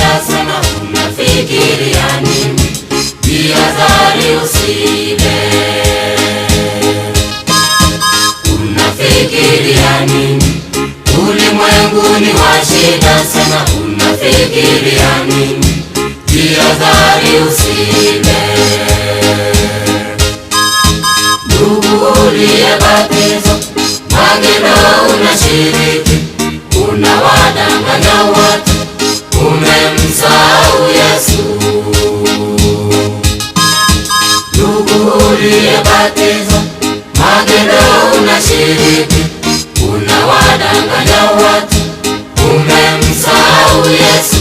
utasema unafikiria nini? Jihadhari usile. Unafikiria nini? wa shida, unafikiria nini? Jihadhari Ndugu magendo unashiriki, yes.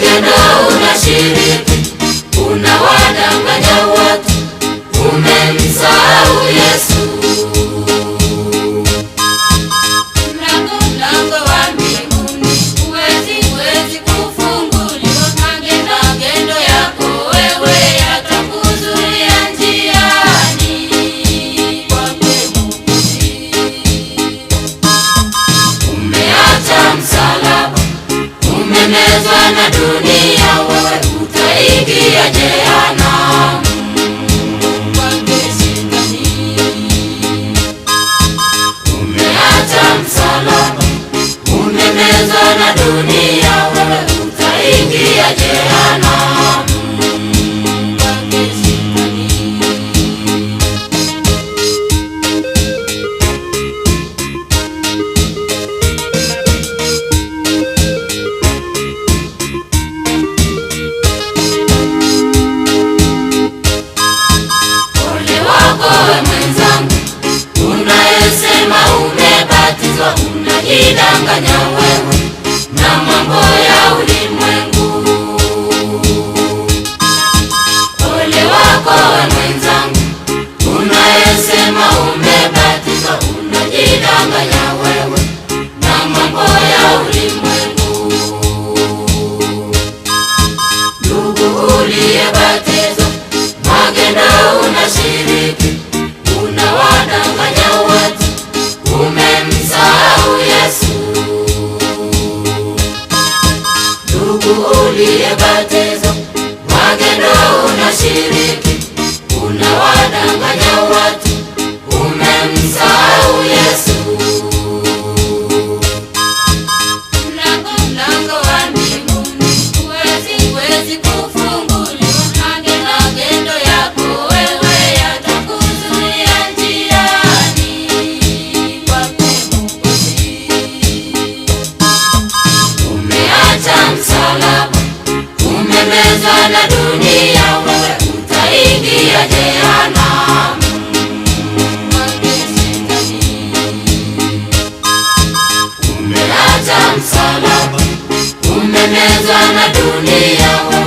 you know. Umeacha msalaba, umemezwa na dunia. kuchanganya wewe na mambo ya ulimwengu. Ole wako mwenzangu, unayesema umebatizwa, unajidanganya wewe na mambo ya ulimwengu. Ndugu uliyebatizwa, unashiri unashiriki, unawadanganya watu umemsa Umeacha msalaba, umemezwa na dunia.